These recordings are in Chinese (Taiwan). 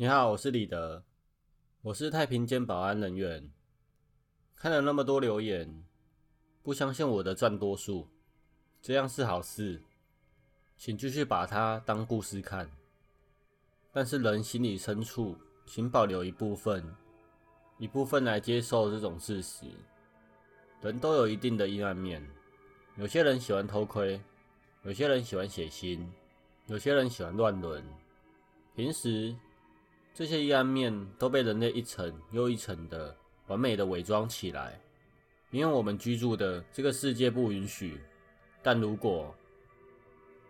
你好，我是李德，我是太平間保安人員。看了那麼多留言，不相信我的佔多數，這樣是好事，請繼續把它當故事看。但是人心裡深處，請保留一部分，一部分來接受這種事實。人都有一定的陰暗面，有些人喜歡偷窺，有些人喜歡血腥，有些人喜歡亂倫。平時。這些陰暗面都被人類一層又一層的完美的偽裝起來，因為我們居住的這個世界不允許。但如果，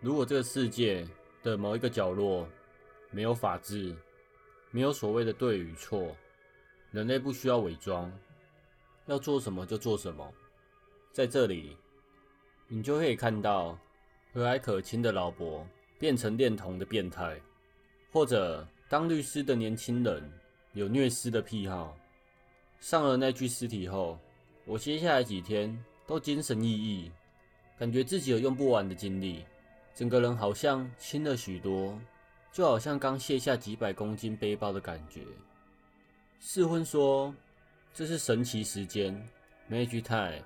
如果這個世界的某一個角落沒有法治，沒有所謂的對與錯，人類不需要偽裝，要做什麼就做什麼。在這裡，你就可以看到和藹可親的老伯變成戀童的變態，或者。當律師的年輕人有虐屍的癖好。上了那具屍體後，我接下來幾天都精神奕奕，感覺自己有用不完的精力，整個人好像輕了許多，就好像剛卸下幾百公斤背包的感覺。四婚說，這是神奇時間，Magic Time，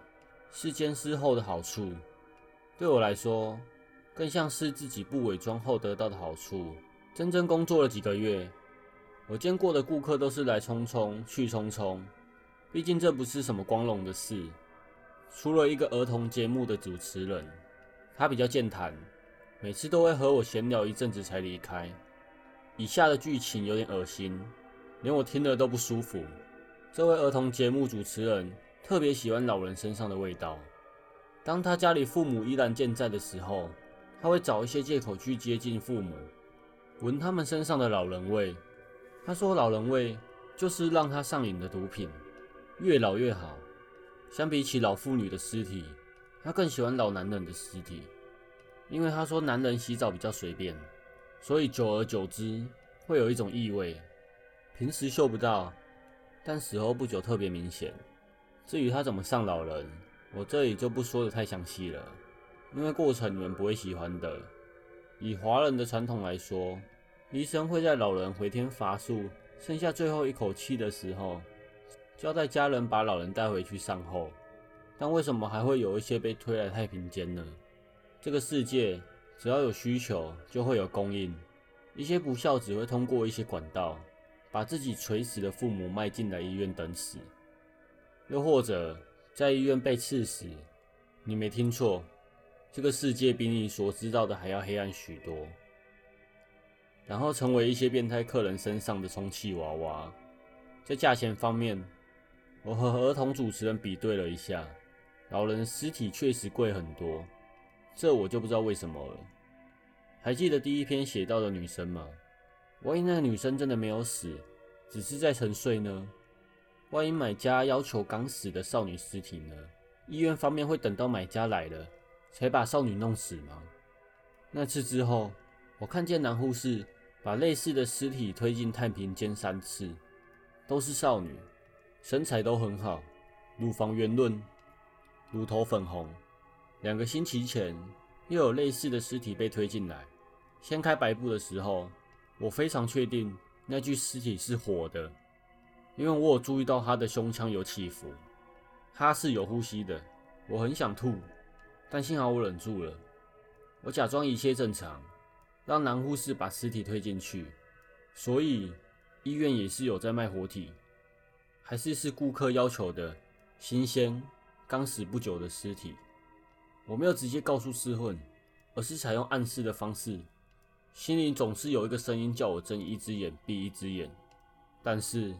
是奸屍後的好處。對我來說，更像是自己不偽裝後得到的好處。真正工作了幾個月，我見過的顧客都是來匆匆去匆匆，畢竟這不是什麼光榮的事。除了一個兒童節目的主持人，他比較健談，每次都會和我閒聊一陣子才離開。以下的劇情有點噁心，連我聽了都不舒服。這位兒童節目主持人特別喜歡老人身上的味道。當他家裡父母依然健在的時候，他會找一些借口去接近父母。聞他們身上的老人味，他說老人味就是讓他上癮的毒品，越老越好。相比起老婦女的屍體，他更喜歡老男人的屍體，因為他說男人洗澡比較隨便，所以久而久之會有一種異味，平時嗅不到，但死後不久特別明顯。至於他怎麼上老人，我這裡就不說的太詳細了，因為過程你們不會喜歡的。以華人的傳統來說，醫生會在老人回天乏術、剩下最後一口氣的時候，交代家人把老人帶回去善後。但為什麼還會有一些被推來太平間呢？這個世界只要有需求，就會有供應。一些不孝子會通過一些管道，把自己垂死的父母賣進來醫院等死，又或者在醫院被刺死。你沒聽錯。這個世界比你所知道的還要黑暗許多。然後成為一些變態客人身上的充氣娃娃。在價錢方面，我和兒童主持人比對了一下，老人屍體確實貴很多。這我就不知道為什麼了。還記得第一篇寫到的女生嗎？萬一那個女生真的沒有死，只是在沉睡呢？萬一買家要求剛死的少女屍體呢？醫院方面會等到買家來了，才把少女弄死嗎？那次之後，我看見男護士把類似的屍體推進太平間三次，都是少女，身材都很好，乳房圓潤，乳頭粉紅。兩個星期前，又有類似的屍體被推進來，掀開白布的時候，我非常確定那具屍體是活的，因為我有注意到她的胸腔有起伏，她是有呼吸的，我很想吐。但幸好我忍住了，我假裝一切正常，讓男護士把屍體推進去。所以醫院也是有在賣活體，還是是顧客要求的新鮮、剛死不久的屍體。我沒有直接告訴屍魂，而是採用暗示的方式。心裡總是有一個聲音叫我睜一隻眼閉一隻眼，但是……